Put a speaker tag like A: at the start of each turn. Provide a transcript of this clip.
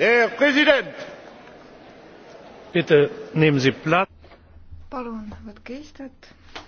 A: herr präsident! bitte nehmen sie platz.
B: palun võtke
C: istet.